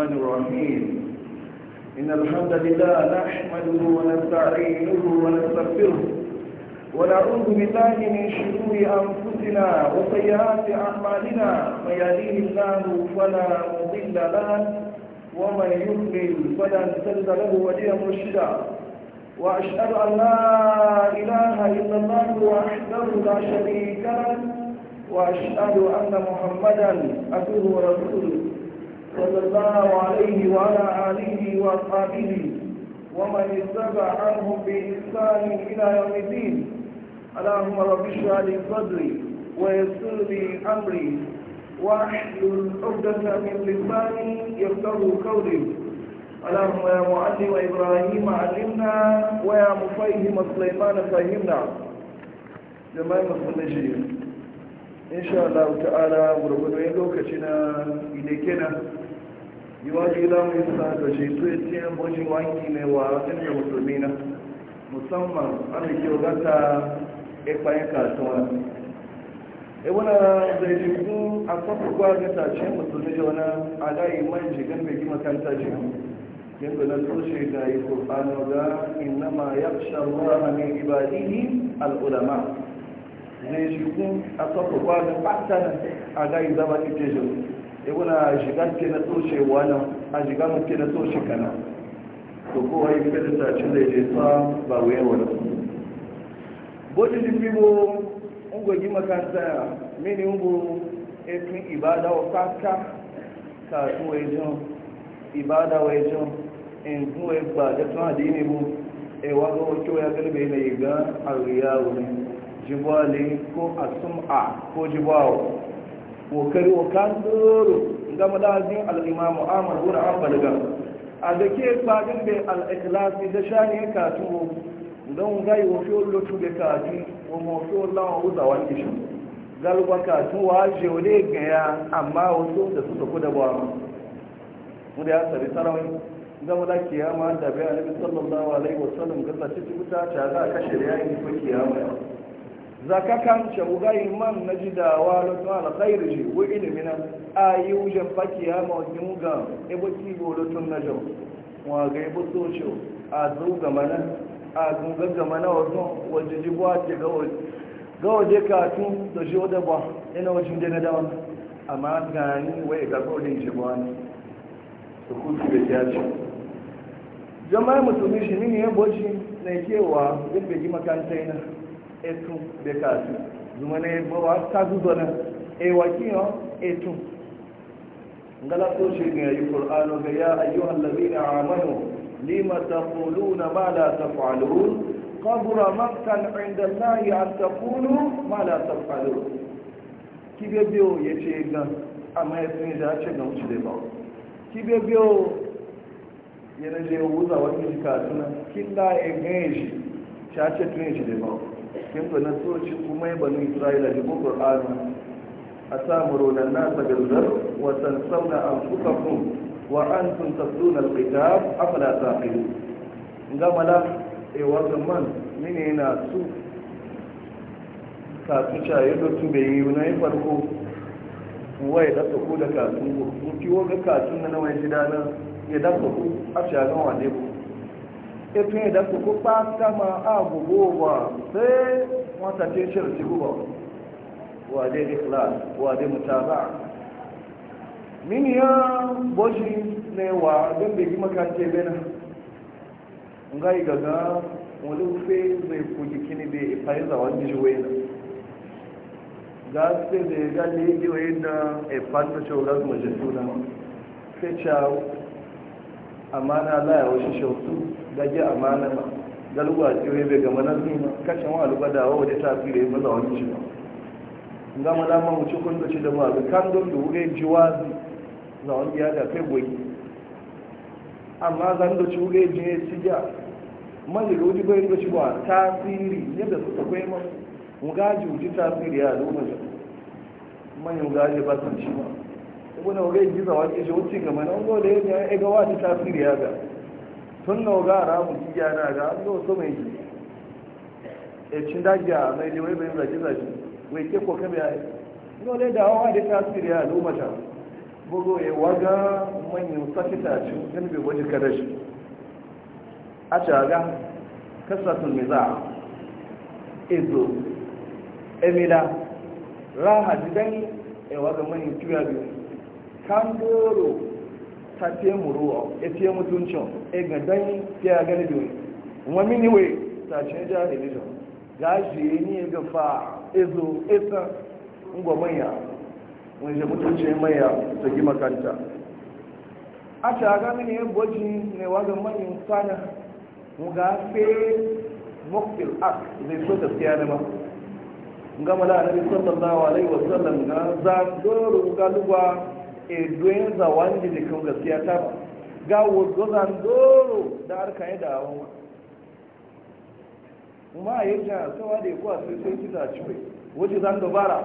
الرحمن الرحيم إن الحمد لله نحمده ونستعينه ونستغفره ونعوذ بالله من شرور أنفسنا وسيئات أعمالنا من يهديه الله فلا مضل له ومن يضلل فلا تجد له وليا مرشدا وأشهد أن لا إله إلا الله وحده لا شريك له وأشهد أن محمدا عبده ورسوله صلى الله عليه وعلى آله وأصحابه ومن اتبع عنهم بإحسان إلى يوم الدين اللهم رب اشرح لي صدري ويسر لي أمري واحلل عقدة من لساني يفقهوا قولي اللهم يا معلم إبراهيم علمنا ويا مفهم سليمان فهمنا جماعة المسلمين إن شاء الله تعالى وربنا يلوكتنا إليكنا yiwaji lamu yi sa da shi su yi tiyan bojin wanki ne wa rasin da musulmi na musamman an da kyau gata ikpayin kasuwa e wani zai jikin a kwakwa gata ce musulmi da wani alayi man jigan bai gima kanta ce yadda na toshe da yi kurfano ga innama ya fi sharwa min ibadihi al'ulama zai jikin a kwakwa gata a ga yi zama ita jikin ibuna shiga ke na toshe wannan a shiga muke na toshe kana to kowa yi fadita ci da je sa ba wuyan wani bodi di bibo ungogi makanta ya mini ungo efin ibada wa kaka ka tun wai jan ibada wai jan in tun wai ba da tun adini bu e wa ga wato ya galbe ne ga arriya wani jibali ko asum'a ko jibawo kokari wa kan doro gama dajin al'imamu amur wuri an balgar a da ke kwadin da al'ikilasi da shani katu don gai wa fiye lotu da kati wa mafi lawan wuza wani shi galba katu wa jere gaya amma wasu da su tafi da ba mu da ya tsari sarawai gama da kiyama da bayan nabi sallallahu alaihi wasallam gasa ci ci wuta ta za a kashe da yayin ko kiyama zaka kan shaugai man na ji dawa na tun alkhairu ji wa ilimin a yi wujen fakiya ma wajen ga ebo kibo da tun na jau wa ga ebo socio a zau gama a gungan gama na wajen wajen ji buwa ce ga waje katun da shi wadda ba ina wajen dina da wani amma gani wai ga kodin shi ba ne su kusa da ya ce jama'a musulmi shi ne ya boci na kewa duk da ji makantai etu de kaatu zumane bawa kazu dona e wakiyo etu ngala to shirne ayi qur'ano ga ya ayyuhal ladina amanu lima taquluna ma la taf'alun qabura makkan 'inda allahi an taqulu ma la taf'alun kibe biyo yace ga amma yace da ce ga mutu da ba kibe biyo yana je wuza wani kaatu na killa e shi cha ce tun shi da ba kin na soci kuma ya banu isra'ila da bukur a samuro da zar gangar wasan sauna an kuka kun wa an sun tasu na alkitab afala ta gama gamala e eh, wata man mini na su kasu caye da su bai yi na yi farko wai da ku da kasu ku kiwo ga kasu na nawa ya ji dana ya dafa ku a shagan wa ne ku ife da su kuɓa kama a sai wata ce shirci guba wa dai ikhlas wa mutaba min boshi ne wa don bai yi makance bena ngai gaga wani ufe zai kuji bai ifayi na ga sai zai ga na ifanta ce wa majalisu na fecha amana la gaji a ba galuwa ce bai ga na ba kashin wa albada wa wajen tafi da yi maza wani shi ba ga mu dama mu cikin da shi da mazu kan don da wuri jiwazi za wani ya da kai goyi amma zan da ci wuge jiye siga mani da wuji bayan da shi ba tasiri yadda suka kai ma mu gaji wuji tasiri ya al'umma da manyan gaji ba san shi ba wuri wuge gizawa ke shi wuce gama na wani wadda ya ga wani tasiri ya ga tun na ga ramu kiya na ga an so mai e cin dajiya mai ne wai bayan zaki zaki wai ke ko yi. ai dai da hawa da tasiri ya lumata bugo ya waga manyan sakita cin kan bai kadashi kada shi a shaga kasatul a izo emila raha jidan ya waga manyan kiya biyu kan doro ta fiye ruwa, ya fiye mutuncin ya ga dan fiye gani da wani wa mini ta ce jahili da ga shi ni ga fa ezo esa ngwa manya wani je mutuncin manya ta gi makanta a ta gami mini yan boji ne wajen manyan sana mu ga fe mokil ak zai so ta fiye da ba ngama la annabi sallallahu alaihi wasallam ga za doro ga edoyin zawon jikin gaskiya ta ba ga wuzuzan doro da harka yi da awon ma yi jan sawa da ya kuwa sai sai kita ciwe wuce zan dubara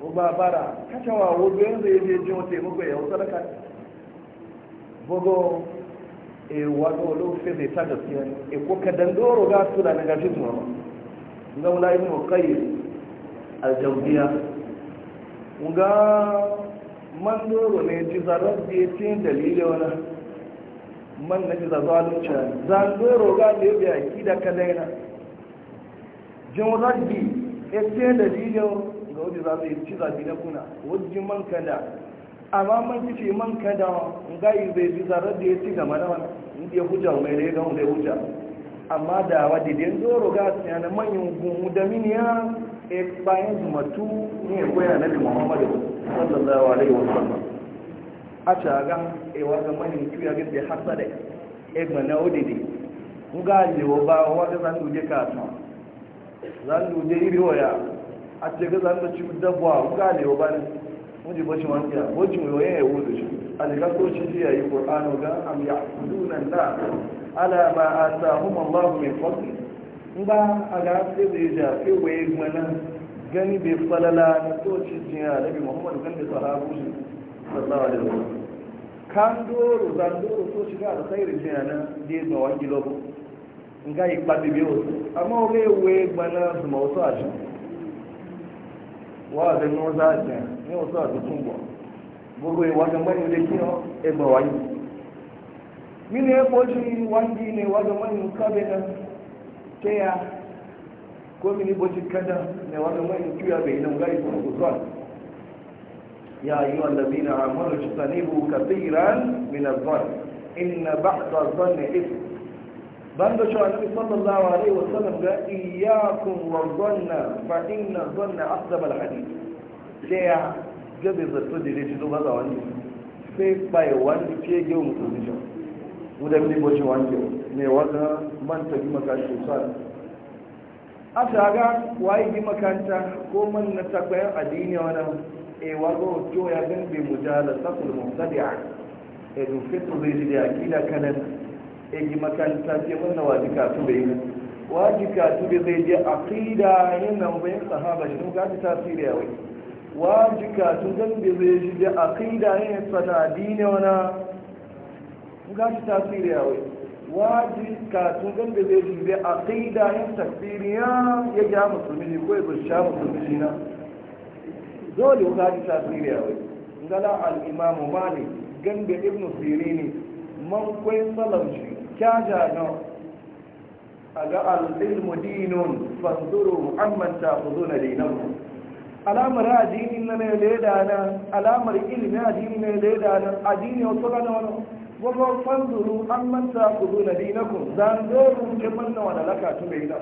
ko ba bara kacewa wuzuzan zai je jin wata yi muku yawon sadaka bugu e wato lokaci zai ta gaskiya e ko kadan doro ga su da na gaji tuwa ba zauna ibn qayyim al-jawziya ga man doro ne ji zarar da ya cin dalilin wani man na ji zazalin cewa zan doro ga da ya biya ki da kadaina jin rabbi ya cin dalilin ga wajen za su yi ci zabi na kuna wajen man kada amma man ci ce man kada ga yi zai ji da ya ci gama na wani inda ya huja mai da ya gamu da ya huja amma da wadidin doro ga su yana manyan gumu da miniyan e bayan matu ne koya nabi muhammadu sallallahu alaihi wasallam a caga e waga mani tuya gaske hasa da e mana odidi nga lewa ba waga zan duje kasa zan duje iri waya a ce ga zan da ci dabwa nga lewa ba ne mun ji bashi wani ya bashi mai wayan ya wuce shi a daga ko shi ya yi qur'anu ga am ya'buduna allah ala ma atahum allah min fadli ba a ga sai zai shafi waye mana gani bai falala na toci jiya da bi muhammadu kan da sahabu shi sallallahu alaihi wasallam kan doro zan doro to shiga da sayar jiya na da ga wani gilo nga yi kpabi bi o amma o bɛ waye gbana zuma wasu a azu wa a bɛ nɔ a jɛ ne wasu a azu tun bɔ gbogbo ye waga mani le kiyɔ e gbɔ wa yi mine ko si wanji ne waga mani ka bɛ na teya ko mini boci kada ne wannan mai kiya bai nan gari ko kusan ya na ayyuha allazina amanu tajtanibu katiran min adh-dhann inna ba'da adh-dhanni ithm bando cewa annabi sallallahu alaihi wasallam ga iyyakum wa dhanna fa inna dhanna akdhab al-hadith teya gabe zato dire shi ba za wani sai bai wani ce ge mutum ne mu da mini boci wani ne wata manta bi makarantar sa'ad a shaga waye bi makanta ko man na takwayan adini wani ewa eh, zo kyo ya gan bi mujala sakul a edu eh, fitu zai ji da akida kanan e eh, gi makanta ce wanda na waji ka tube yi waje ka tube zai je a akida yin nan bayan sahaba shi nuka ta tasiri yawai waje waji ka tun gan bi zai ji da akida yin sada addini wana ga ta tasiri yawai waji katun ganda zai jibe a kaida yin tafiri ya ja musulmi ne ko ya sha musulmi na dole wuka ji ya wai ngala al-imamu malik ganda ibnu ne. man kwai salamci kyaja na a ga al'ilmu ilmu dinun fanzuru amman ta zo na dinamu alamar adini na mai leda na alamar ilimi addini ne leda na addini wasu gana wani wajen fanzuru an manta ku zo na dinakun zandorun ke manna wani laka tu bai da.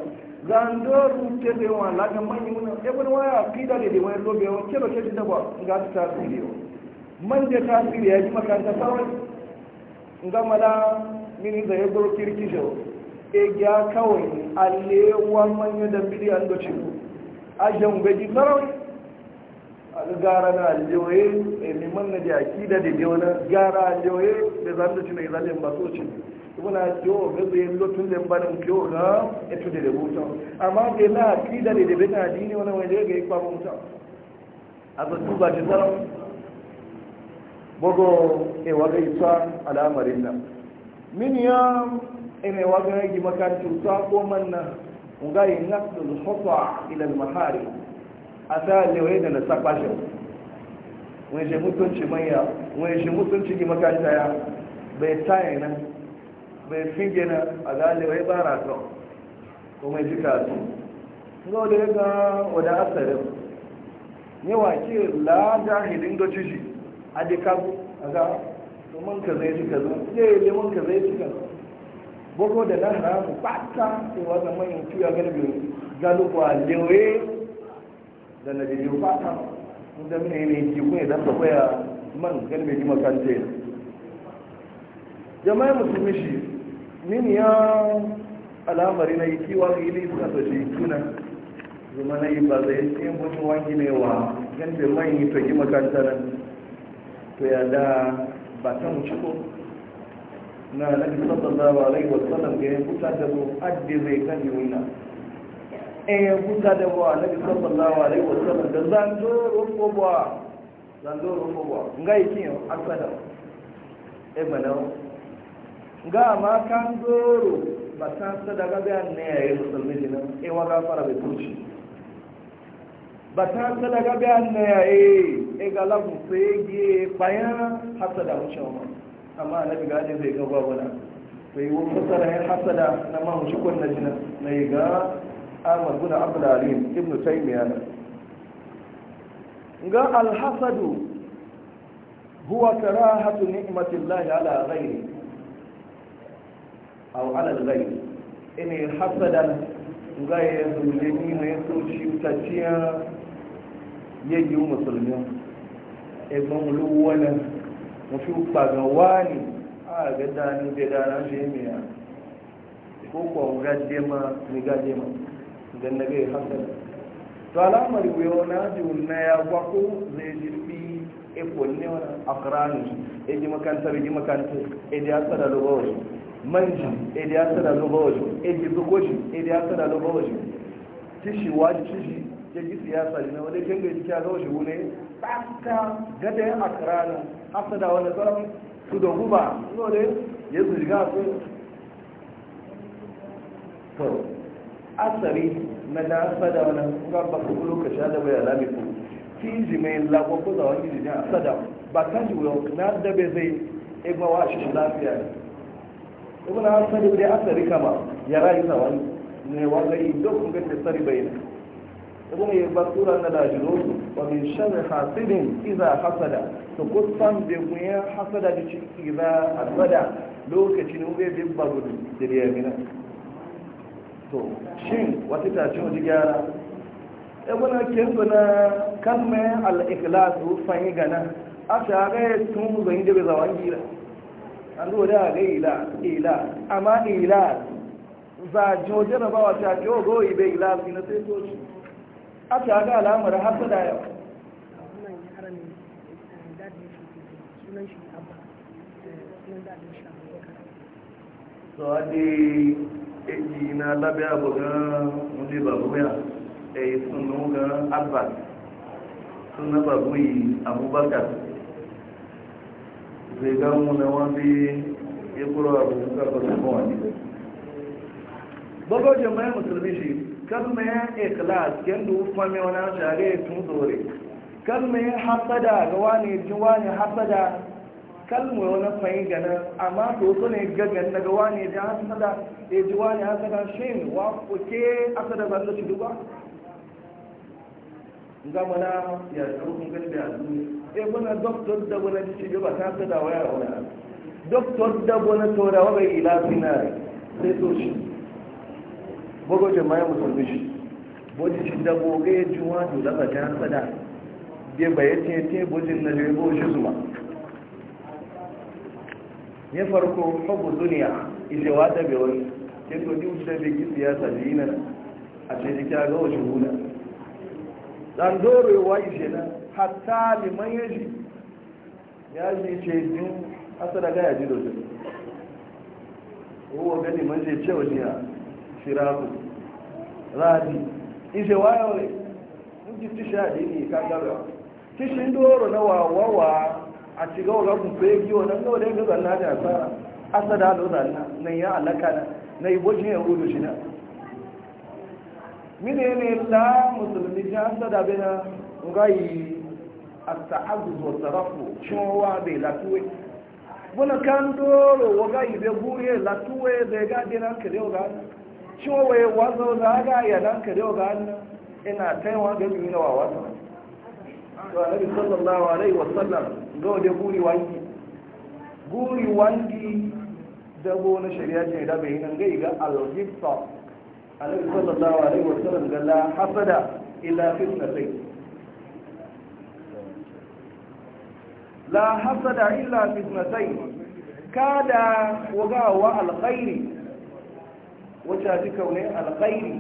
zandorun ke zai wani laka manyan wani ebon waya kida da da wani lobe wani kebe ke da ba ga ta tasiri yau man da tasiri ya ji makanta sauran ga mala mini da ya goro kirki jau e ya kawai allewa manyan da biliyan da cikin ajan gaji sarawai gara na aljoye neman eh, na da akida da biyo na gara aljoye da za da cinai zalin ba so ci muna kiwo ga zai lotun da banin kiwo ga etu da da mutum amma da na akida da da bin adini wani wanda ga yi kwamu mutum a ga tuba ci tsaron bugu e eh, waga isa al'amarin nan min ya emewa eh, waga yi makarantar sa ko manna ngai naqdul khata ila al mahari. a ta lewaye da na sapa shi wani shi mutunci manya wani mutunci gi makaranta bai tsaye nan bai finge na a ga lewaye ba rasu kuma ji kasu ga wadda ya ga wadda asarin yawa ke la jahilin da ciji a dikabu a ga man ka zai cika zo zai yi man ka zai cika boko da na haramu ba ta sai wata manyan tuya galibi galibu a da na jeji fata mun da mine ne ki kun idan ka koya man gan bai ji makanta jama'a musulmi shi min ya al'amari na yi kiwa ili suka to shi tuna zuma na yi ba zai yin mutum wangi ne wa gan bai man yi to yi makanta nan to ya da ba ta mu ciko na nabi sallallahu alaihi wasallam ga yin kuta da mu addi zai kan yi wina ɗaya eh, kuka da wa na bisan sallawa da yawon sama da zando rufo ba zando rufo ba nga yi kiyo asada e eh, mana ga ma kan doro ba ta sadaka ga ne ya yi musulmi jina e wa ga fara bai tuci ba ta sadaka ga ne ya yi e ga labu sai ge bayan hasada wucin ma amma na biga ne zai ga gwagwana sai wani fasara ya hasada na mamushi kwanna jina na yi ga ahmad bin abdul alim ibn taymiya ga alhasadu huwa karahatu ni'matillahi ala ghairi aw ala al-ghairi ine hasadan ga ya zulle ni mai soci taciya yayi musulmi ibn e luwana mufi pagawani a ga dani da dana jemiya ko ga jema ni jema. idan na gai hankali to alamar gwiwa na jiun na ya gwako zai jirbi ikon ne wani akirani ya ji makantar ji makantar ya ji hasa da lubawar manji ya ji hasa da lubawar ya ji zukoshi ya ji hasa da lubawar tishi wa tishi ya ji siyasa na wani kin gaji kya zo shi wune tsaka gada ya akirani hasa da wani tsaron su da guba no ne ya su shiga su asari na da asada wani kuma ba ka sha da bai alami ko fi ji mai lagwa ko da wani jijin asada ba ta ji wuyo na da bai zai igma wa shi lafiya ne ibn asali asa rika kama ya rayu sa wani ne wanda yi dukkan ga tsari bai ne ibn ya ba tura na da jiro wa min shan hasidin idza hasada to san bi guya hasada da ci idza hasada lokacin ube bi babu da ya mina to shin wata tashin wajen gyara ebuna eh, kinsu na kalmar al'ikilasu fanyi gana a ya tun huzon da bai zawon gira an zo da ga ila ila amma ila za a ji jojo da bawa ta jo oh, goyi bai ila su na sai soci a shaga alamar hasa da yau so a eji na labe abu ga wunde ya e sunu ga abbas suna babu yi abubakar zai ga muna wani ya kuro abu suka basu mawani bago jama'a musulmi shi ya wani tun hasada ga wani wani hasada wani fahimta na amma to ne gagan daga wani ji hasada e ji wani haka na shin wa kuke aka da zanga shi duba zama na ya ɗaukun gani da yanzu e muna doktor da wani ci ba ta ta dawa yara wani doktor da wani taurawa bai ila sinari sai so shi bugu jama'a musulmi shi bodi shi da goga ya ji wani da ta ta da bai bayyacin ya ce bojin na jirgin shi zuma ya farko hagu duniya ijewa da bewai kin to diu da bigi siyasa dina a ce dike ga wasu huna dan ya na hatta liman yaji ya ji ce din asara ga ya ji dozo owo ga liman ce wasu ya shiraku radi ise wayo ne mun ji tisha dini kan na wawawa a cigaba ga nan da da asara na nan ya alaka na na ibojin yahudu shi na mine ne la musulmi ji an sada bina ngayi a ta'azuz wa sarafu cewa bai latuwe wani kan doro wa gayi bai buriye latuwe zai gadi na kare ga gani cewa ya wazo za ga ya nan kare wa gani ina taiwa ga yi na wa wazo to annabi sallallahu alaihi wasallam ga wa buri wangi buri wangi dabo na shari'a ce da bai nan gai ga al-ghibta alaihi sallallahu alaihi wa sallam ga la hasada illa fitnatay la hasada illa fitnatay kada al-khairi wacce ji kaune al-khairi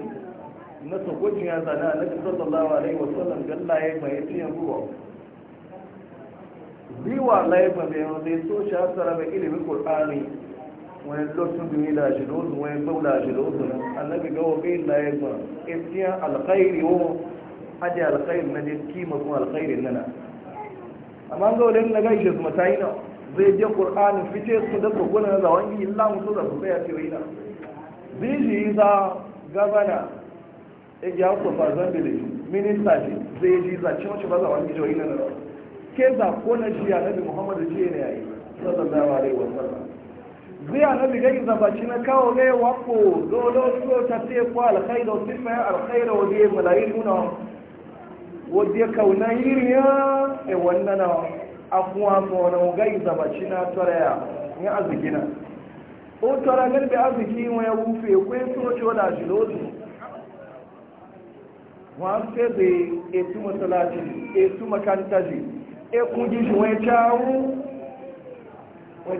na sokojin ya zana na sallallahu alaihi wa sallam ga la yayi mai tiyan ruwa biwa laifa bai ya so shi hasara mai ilimin Kur'ani. wani lotun duni da shi lotu wani gbau da shi lotu nan annabi ga wakai da ya alkhairi wo ajiye alkhairi na je kima kuma alkhairi nana amma ga wadda na gaishe su matayi na zai je ƙur'anin fice su da tsogona na zawon yi illa musu da su zai ce wai na zai za gabana ya ji hausa farzan bilin minista shi zai za cewa shi ba zawon yi jawai na na ke za ko na shi ya muhammadu ce ne ya yi sallallahu alaihi wasallam zai na gai zabaci na kawo gai wako dole so ta ce ko alkhaira sifa ya alkhaira wa biye mala'iku na wadda kauna hiriya e wannan afuwa ko na gai zabaci na toraya ya azgina o tora gan bi azgi wa ya wufe ko ya so ce wala shi lodi wa se de e tu masalati e tu makantaji e kunji shi wa ya tawo wa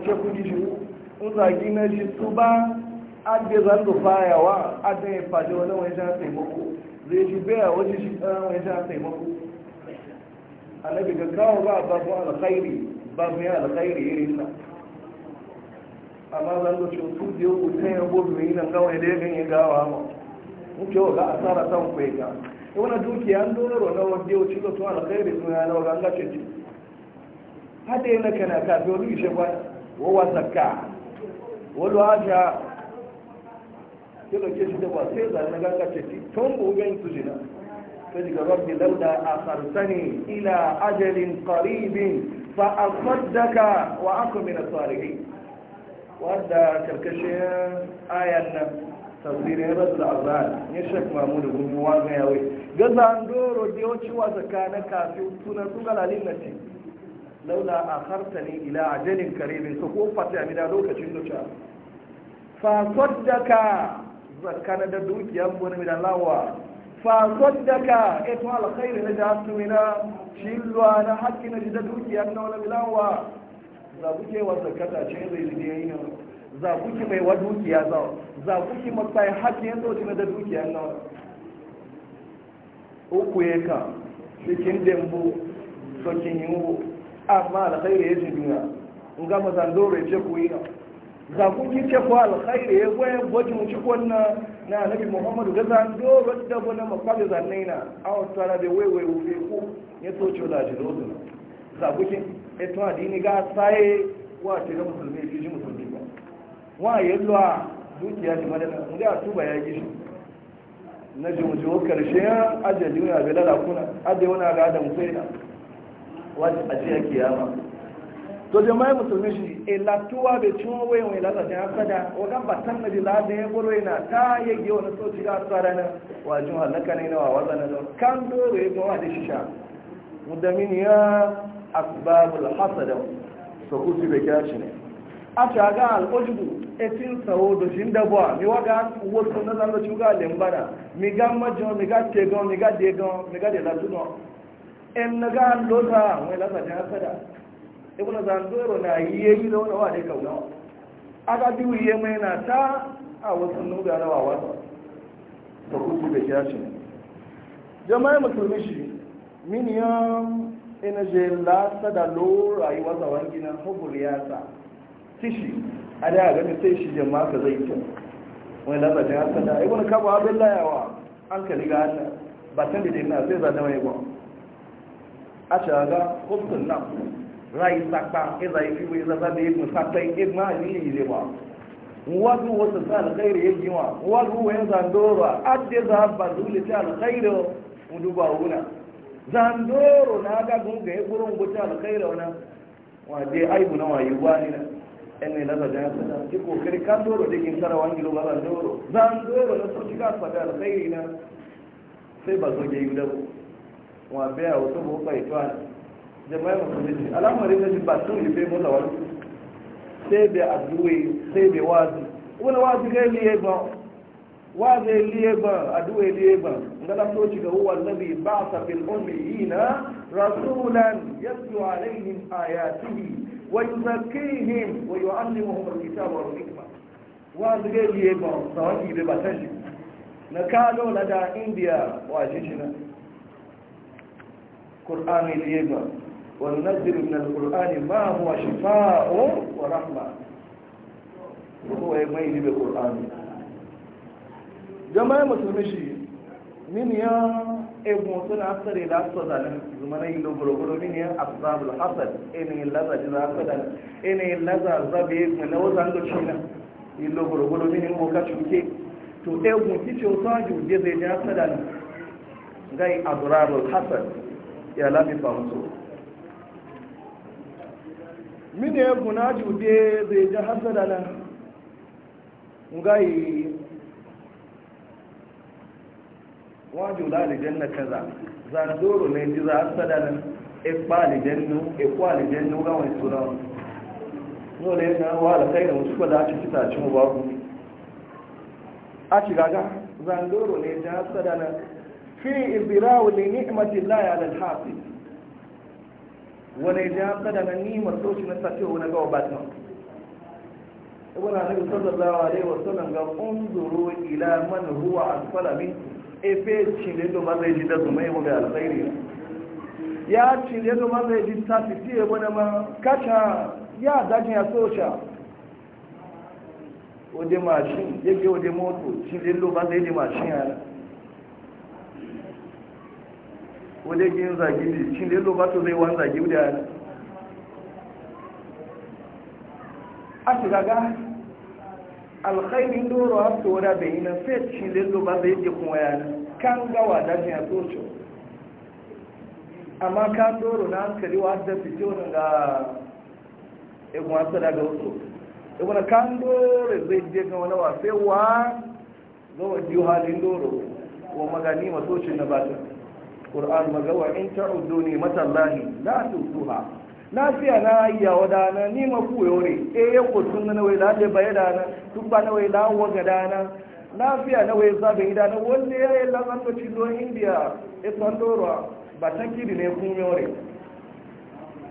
nzagi na shi tuba adde zan da adịghị adde ya faɗi wani wajen taimako zai shi biya wajen shi ɗan wajen taimako a ga kawo ba babu alkhairi babu ya alkhairi irin nan amma zan da cutu da yau ta na mai nan gawai da ya ganye gawa ma muke ga asara san kwai ga wani dukiya an doro na wanda yau cika su alkhairi sun na wa ganga ce ce hada yana kana kafin wani ishe wa wasaka wani haja ya ɗauke shi da ba sai zane ganga ce ci tun bugan su jina ta ji gaba bi lauda a karsani ila ajalin karibin fa a saddaka wa aka mina tsarihi wadda karkashin ayan nan tasirin rasul azhar ya shek mamudu gumuwa ga yawai gaza an doro da yawanci wa tsakanin kafin tunan su galalin na ce laula akhartani ila ajalin karibin su ko fata ya mida lokacin duka da ka zakana da dukiyan mu na da lawa da ka eto al na da tumina shilwa na hakki na da dukiyan na wani lawa za ku ke wa zakata ce zai zai yi na za ku ki mai wa dukiya za za ku ki mai hakki yanzu ce da dukiyan na uku cikin dembu sokin yiwu amma alkhairi ya jibina in ga mazandoro ya ce ku yi na za ku ki ce ku alkhairi ya goye gwajin ci na annabi muhammadu ga zandoro da bana makwai zannai na awon tsara da waiwai wufe ku ya soce da jirozu na za ku ki eto adini ga saye wa ce ga musulmi ki ji musulmi ba wa yallo a dukiya ji madana in ga tuba ya gishi na karshe karshen ajiyar duniya bai lalakuna ajiyar wani ga adam sai na wani ajiya kiyama to jama'i musulmi shi ilatuwa bai cin wayan wani lalata ya sada wagan batan na jilada ya gwaro yana ta yage wani soci da tsara ranar wajen halaka ne na wawaza na don kan doro ya gawa da shisha mudamin ya asibabu da hasada so kusi da kira shi ne a shaga al'ojibu etin sawo da shi dabuwa mi waga wasu na zanga shuga lembana mi ga majo mi ga tegon mi ga degon mi ga delatunan in na ga an lota wai lasa ta hasada ibn Ibu na zan na yi ya da wani wa dai kauna aka biyu yi mai na ta a wasu nuga rawa wata da kuku da kyashi jama'i musulmi shi miniyan ina je lasa da lo rayuwa tsawon gina hukul yasa kishi a da gani sai shi jama'a ka zai kyau wani lasa ta hasada ibn kaba abin layawa an ka liga ta ba can da dina sai zane mai gwamnati a shaga hukun nan rai sakpa iza yi fi iza zabe ibn sakpa ibn ni ile ba wasu wasu sa alkhairi yaji wa wasu wayan zandora adde za ba dole ta alkhairi ba wuna zandoro na aka ga gun ga gurin guta alkhairi wana wa dai aibu na wayi wani na en ne laza da sada ki kokari kan doro da kin tara wani lo zandoro zandoro na so kika sada alkhairi na sai ba zo yi ge yuda wọn abẹ́ àwọn tó mọ́ pa ìtọ́ àti jẹmọ́ ẹ̀mọ̀ tó lè alámọ̀rí lè ṣe tó ìfẹ́ sai da addu'o'i sai da wazi wani wazi ga liye ba wazi liye ba addu'o'i liye ba ga lafoci ga huwa nabi ba a fil ummiyina rasulan yatlu alaihim ayatihi wa yuzakkihim wa yu'allimuhum alkitaba wal hikma wazi ga liye ba sawaki be ba tashi na kalo na da indiya. wa القرآن ديما وننزل من القرآن ما هو شفاء ورحمة هو يميل بالقرآن جماعة مسلمشي من يا ابن سنة أكثر إلى أكثر زمان يلو بروبرو من يا أصحاب الحسد إن اللذا جزا أكثر إن اللذا زبي من وزن دشينا يلو بلو بلو من يا مكاشوكي to ɗaya gunki ce wata jirgin zai ja ta da gai ya lafi famuso mini ya guna jude zai ji hasada nan ngayi wajen lalijen na kaza zandoro ne ji za hasada nan ikpalijennu e ikpalijennu e ga wani tura wani nole na wala kai da musu kwada ake fita cin babu a ci gaga zandoro ne ji hasada nan fi izirawo li ni'mati llahi ala alhafiz wani ja kada na nimar soci na sace wani gawa batman ibn annabi sallallahu alaihi wasallam ga unzuru ila man huwa asfala min efe cile do ma zai ji da zuma yau ga alkhairi ya cile do ma zai ji ta ya wani ma kacha ya dajin ya soca ode mashin yake ode moto cile do ma zai ji mashin yana wadda yin zagi ne cin da yalo ba to zai wani zagi wuda ya a shiga ga alkhairin doro a su wadda bai yi na sai shi da yalo ba zai je kuma ya kan gawa da ya soce amma ka doro na hankali wa da fito wani ga egun wasu daga wasu egun kan doro zai je ga wani wa sai wa gawa biyu halin doro wa magani masocin na batun ƙur'an magawa in ta'uddu ni matallahi la tusuha na fiya na iya wadana ni ma kuyo ne e eh, ya ko tun na wai laje baye dana tun ba na wai lawo ga dana na fiya na wai zabe na wanda ya yi lamar da cizo india e dora ba tan kidi ne kun yore e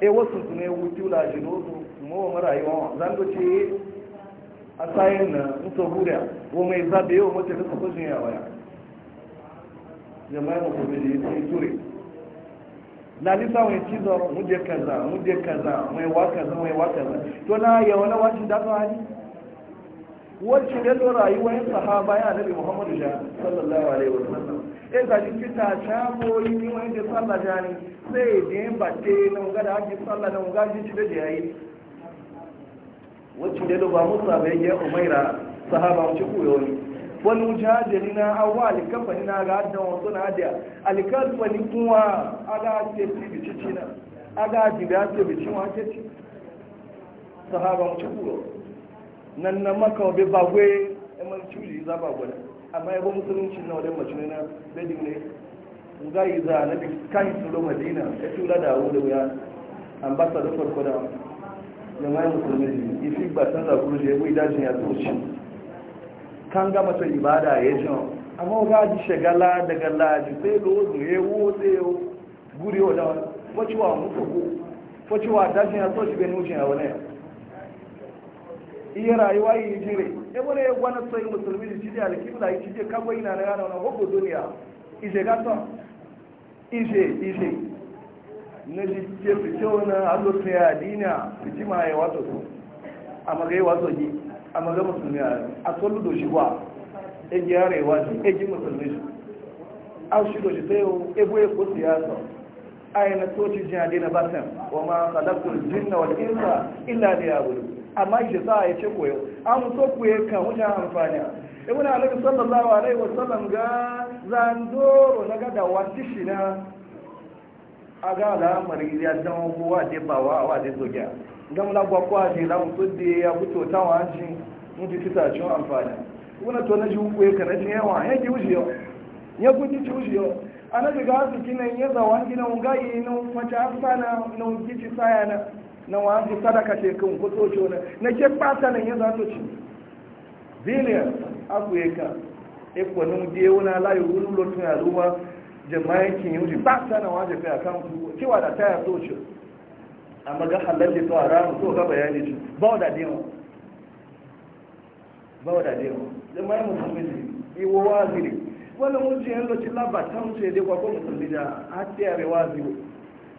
eh, wasu ne wuti la jino mo mara yi rayuwa zan to ce a sayin na mutu hura wo mai zabe wo mutu da ko ya waya jama'a gobe da ya ce ture lalisa mai mu muje kaza muje kaza mai wa kaza mai wa kaza to na yawa na wacin da ka hali wacce ne zo rayuwar sahaba ya nabi muhammadu ja sallallahu alaihi wa sallam da shi kita ta yi ni wani da sallah jani sai ne batte na ga da ake sallah na ake ci da yayi wacce ne ba musa bai ya umaira sahaba mu ci koyo ne wani wujajiri na awa alikamfani na ga adan wasu na adiya alikamfani kuma aga ake ci bici aga ajibi ake bici wake ci sahaba nan na maka wabe bagwe eman cuji za bagwe amma yabo musulunci na wadda mace na bedin ne nga yi za na kan madina e ya tula da da wuya farko da yamma musulmi ifi ba san zakuru je ya kan gama to ibada ya ji amma ga ji shagala daga laji sai lozu ya wotse ya guri wa dawa facewa muku ko facewa dashin ya so shi bai nushin ya wani iya rayuwa yi jire ya wani ya gwana sai musulmi da cije alkibla yi cije kagwa ina na yana wani hukun duniya ije gata ije ije na jike na ya wato su a wato a maga musulmi a a tsallu doshi wa egi arewa shi egi musulmi su a shi doshi sai yau ebo ya ko siyasa a yana toci jin adina batin wa ma kalaktul jinna wa insa illa da ya wuri amma shi sa ya ce koyo mu so ku kan wuce amfani ibn alaƙi sallallahu alaihi wasallam ga zandoro na gada da wasishi na aga alamar ya zama kowa da bawa a wadda zogiya don lagwa kowa ce lamu tsodde ya fito ta wajen mutu fita cin amfani wani to na ji hukku ya kana cin yawa ya ji wuce yau ya guji ci wuce yau a na daga su kina ya zawa gina ga yi na mace afsa na na gici saya na na ji sadaka ce kun ko tsoci wani na ke fata nan ya to ci biliyan aku ya ka ikwanin je wani layu wani lotun ruwa. jama'in kin yi ba ta na waje kai kan ku cewa da taya so ce a maga halarci da tsara ramu so ga bayani ce ba dade dewa ba da musamman jama'in yi iwo waziri Wani mun ji yanzu ci laba ta ya ce dai kuma ko musulmi da a tiyare waziri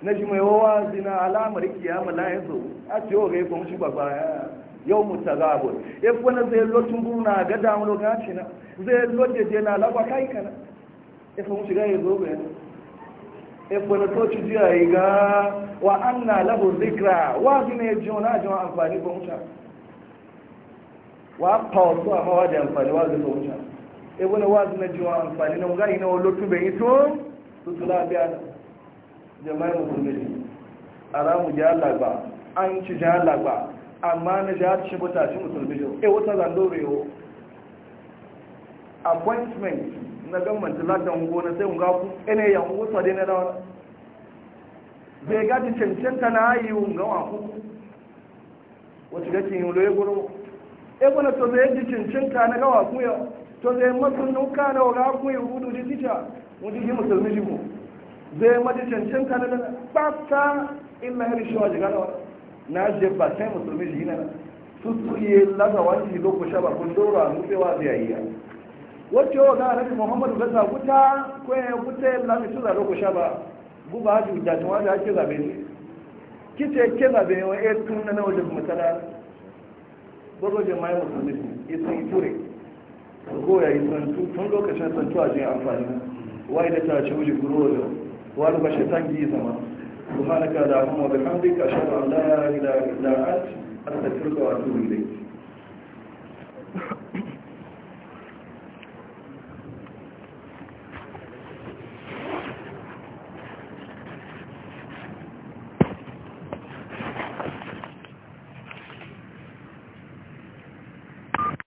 na ji mai wazi na alamar kiyama layin yanzu a ce yau gai kuma shi ya yau mu ta gabo ya fi wani zai lotun buru na ga damu lokaci na zai lotte je na laba kai kana efe mu shiga yanzu ba efe na toci jiya yi ga wa an na labo zikra wa fi ne jiyo na jiyo amfani ba mutu wa pawa su a mawa ji amfani wa zai ba mutu ebe na wa ji na jiyo amfani na mugayi na walotu bai yi to su tula biya da jama'i musulmi a ramu jiya lagba an ci jiya lagba amma na jiya ci mutaci musulmi yau e wata zando rewo appointment na gammanci hungo gona sai unga ku ene ya ungu sade na dawa bai gaji cancanta na yi hunga wa ku wacce gaci yin loye gudu e gona to zai ji cancanta na gawa ku ya to zai masu nuka na waga ku ya hudu da tija wani ji musulmi ji ku zai maji cancanta na dawa ba ta illa hari shi jiga na wani na je ba sai musulmi ji na su su yi lazawanci lokacin ba kun dora nufewa zai yi wacce wa ga annabi muhammadu ga sa guta ko ya guta ya lami su zabe ko shaba guba haji wuta tun da ake zabe ne kice ke zabe wa ya tun na wajen masala gogo je mai musulmi isin ture ko goya yi santu tun lokacin sun tuwa jin amfani wa da ta ci wuji wajen wa wani ba shaitan gi zama subhanaka da kuma bihamdika ashhadu an la ilaha illa anta astaghfiruka wa atubu ilayk